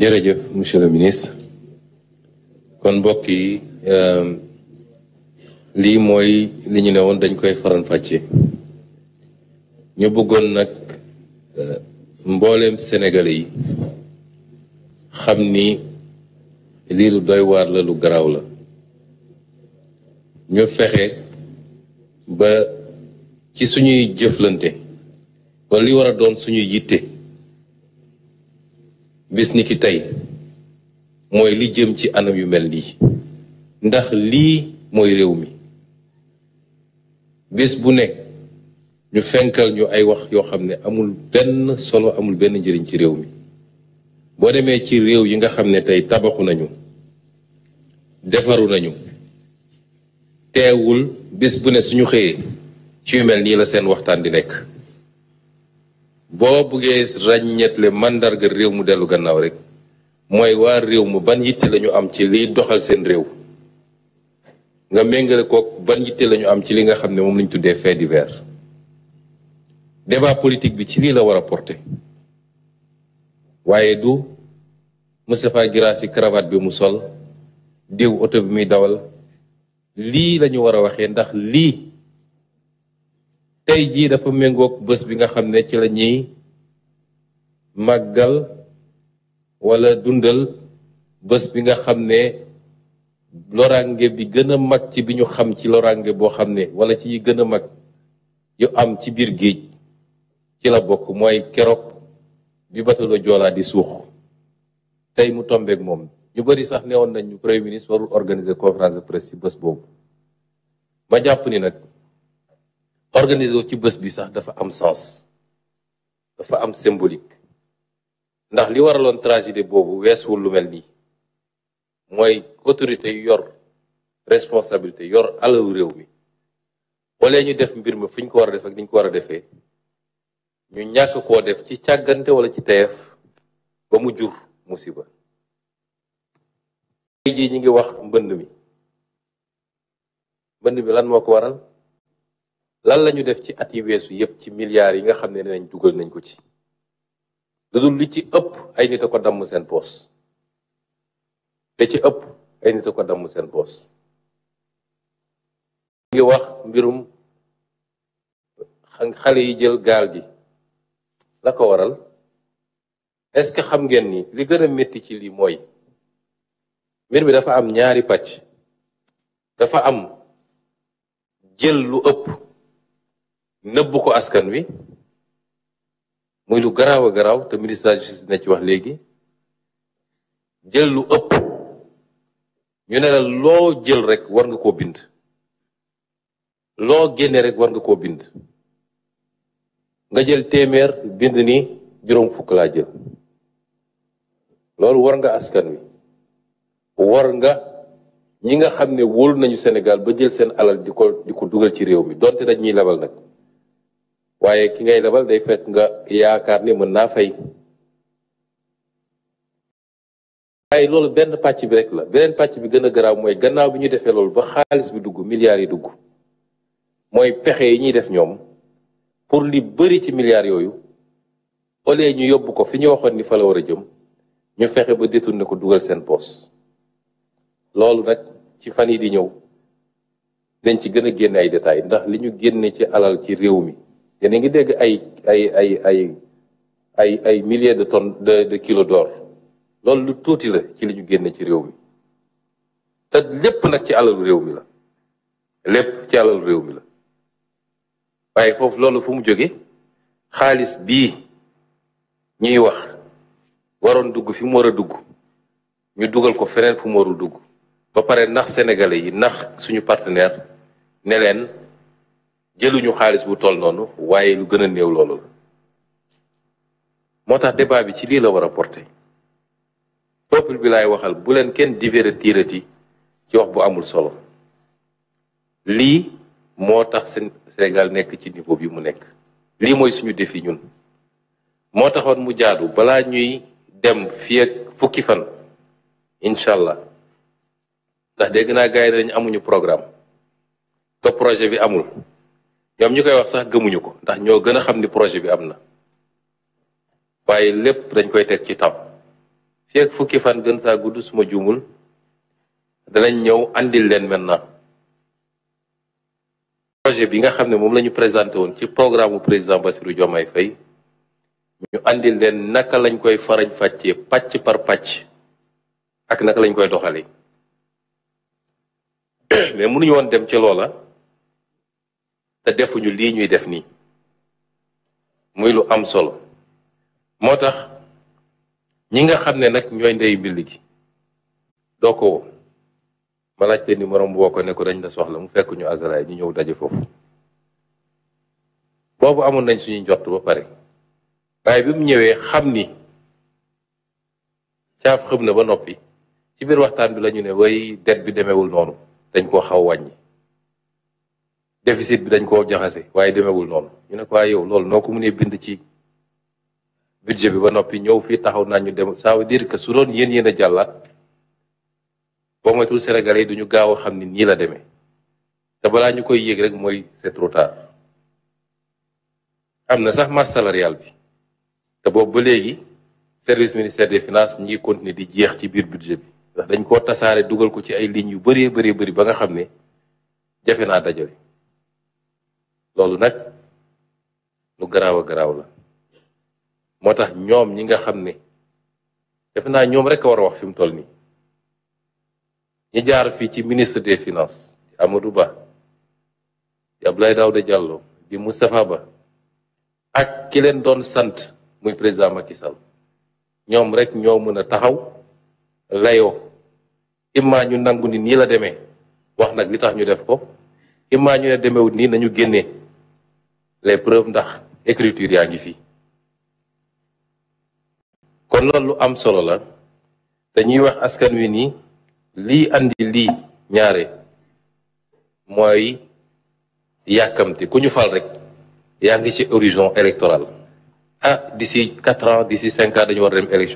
jërëjëf monsieur le ministre kon mbokk yi euh, lii mooy li ñu ne woon dañ koy faran-fàcce ñu bëggoon nag euh, mbooleem sénégalais yi xam ni lii lu doy waar la lu garaaw la ñu fexe ba ci suñuy jëflante wala li war a doon suñuy yitte bis ni ki tey mooy li jëm ci anam yu mel nii ndax lii mooy réew mi bés bu ne ñu fenkal ñu ay wax yoo xam ne amul benn solo amul benn njëriñ ci réew mi boo demee ci réew yi nga xam ne tey tabaxu nañu defaru nañu teewul bés bu ne suñu xëyee ci yu mel nii la seen waxtaan di nekk boo buggee ràññeetle màndarga réew mu dellu gannaaw rek mooy waa réew mu ban yitte lañu am ci liy doxal seen réew nga méngale kook ban yitte lañu am ci li nga xam ne moom lañ tuddee fait divers débat politique bi ci lii la war a porter waaye du Moustapha Guirassy cravate bi mu sol diw oto bi muy dawal lii lañu war a waxee ndax lii tey jii dafa méngoog bés bi nga xam ne ci la ñuy màggal walla dundal bës bi nga xam ne lorange bi gën mag ci bi ñu xam ci loraange boo xam ne wala ci yi gën a mag yu am ci biir géej ci la bokk mooy keroog bi batalo Joola di suux tey mu tombeek moom ñu bari sax newoon nañ ñu premier ministre warul organiser conférence de presse ci bés boobu ma jàpp ni nag organiser ci bës bi sax dafa am sens dafa am symbolique ndax li waraloon tragédie boobu weesuwul lu mel nii mooy autorité yu yor responsabilité yor alalu réew mi wala ñu def mbir ma fiñ ko war a def ak ni ñu ko war a defee ñu ñàkk koo def ci càggante wala ci teyef ba mu jur musiba tey jii ñu ngi wax mbënd mi mbënd mi lan moo ko waral lan la ñu def ci at yi weesu yëpp ci milliards yi nga xam ne nañ dugal nañ ko ci lu dul li ci ëpp ay nit a ko damm seen poos li ci ëpp ay ko damm seen poos ngi wax mbirum xale yi jël gaal gi la ko waral est-ce que xam ngeen ni li gën a métti ci lii mooy mbir mi dafa am ñaari pàcc dafa am jël lu ëpp nëbb ko askan wi muy lu garaaw a garaaw te ministre de la ci wax léegi jël lu ëpp ñu ne la loo jël rek war nga koo bind loo génne rek war nga koo bind nga jël téeméer bind ni juróom fukk laa jël loolu war nga askan wi war nga ñi nga xam ne wóolu nañu Sénégal ba jël seen alal di ko di ko dugal ci réew mi donte dañ ñuy labal nag waaye ki ngay lebal day fekk nga yaakaar ni mën naa fay waaye loolu benn pàcc bi rek la beneen pàcc bi gën a garaaw mooy gannaaw bi ñu defee loolu ba xaalis bi dugg milliards yi dugg mooy pexe yi ñuy def ñoom pour li bëri ci milliards yooyu au ñu yóbbu ko fi ñu waxoon ni fa la war a jëm ñu fexe ba détourné ko dugal seen poos loolu nag ci fan yi di ñëw dañ ci gën a génne ay détails ndax li ñu génne ci alal ci réew mi yéen a ngi dégg ay ay ay ay ay ay milliers de tonnes de de kilos d'or loolu lu tuuti la ci li ñu génne ci réew mi te lépp nag ci alalu réew mi la lépp ci alalu réew mi la waaye foofu loolu fu mu jóge xaalis bii ñuy wax waroon dugg fi mu war a dugg ñu dugal ko feneen fu mu warul dugg ba pare ndax sénégalais yi ndax suñu partenaire neleen jëluñu xaalis bu toll noonu waaye lu gën a néew loolu la moo tax débat bi ci lii la war a porté peuple bi laay waxal bu leen kenn divertirati ci wax bu amul solo lii moo tax sen Sénégal nekk ci niveau bi mu nekk lii mooy suñu défi ñun moo taxoon mu jaadu balaa ñuy dem fii fukki fan incha allah ndax dégg naa gars yi amuñu programme te bi amul ñoom ñu koy wax sax gëmuñu ko ndax ñoo gën a xam ni projet bi am na waaye lépp dañ koy teg ci taw fii ak fukki fan gën saa gudd suma jumul danañ ñëw andil leen maintenant projet bi nga xam ne moom la ñu présenté woon ci programme mu président Bassirou Diomaye Faye ñu andil leen naka lañ koy farañ fàccee pàcc par pàcc ak naka lañ koy doxalee mais mënuñu woon dem ci loola te defuñu lii ñuy def nii muy lu am solo moo tax ñi nga xam ne nag ñooy ndey mbill gi doo ko woo ma laaj leen numéro woo ko ne ko dañ la soxla mu fekkuñu ñu azalaay ñu ñëw daje foofu boobu amoon nañ suñu njort ba pare waaye bi mu ñëwee xam ni caaf xëm na ba noppi ci biir waxtaan bi lañu ne way det bi demewul noonu dañ koo xaw wàññi déficit bi dañ koo jaxase waaye demeewul noonu ñu ne ko waaye yow loolu noo ko mënee bind ci budget bi ba noppi ñëw fii taxaw naa ñu dem ça veut dire que su doon yéen yéen a jàllaat boo moytul Sénégalais yi duñu gaaw a xam ni nii la demee te balaa ñu koy yéeg rek mooy c'est trop am na sax masse salariale bi te boobu ba léegi service ministère des finances ñi ngi continuer di jeex ci biir budget bi ndax dañ koo tasaare dugal ko ci ay lignes yu bëree bëree bëri ba nga xam ne jafe naa dajale loolu nag lu garaaw a garaaw la moo tax ñoom ñi nga xam ne defe naa ñoom rek a war a wax fi mu toll nii ñi jaar fii ci ministre des finances di Amadou Ba lay Abdoulaye Daouda Diallo di Moustapha Ba ak ki leen doon sant muy président Macky Sall ñoom rek ñoo mën a taxaw layoo immaa ñu nangu ni nii la demee wax nag li tax ñu def ko immaa ñu ne demewut nii nañu génnee les preuves ndax écriture yaa ngi fi kon loolu lu am solo la dañuy wax askan wi ni lii andi lii ñaare mooy yàkkamte ku ñu fal rek yaa ngi ci horizon électoral ah d'ici quatre ans d'ici cinq ans dañu war dem élection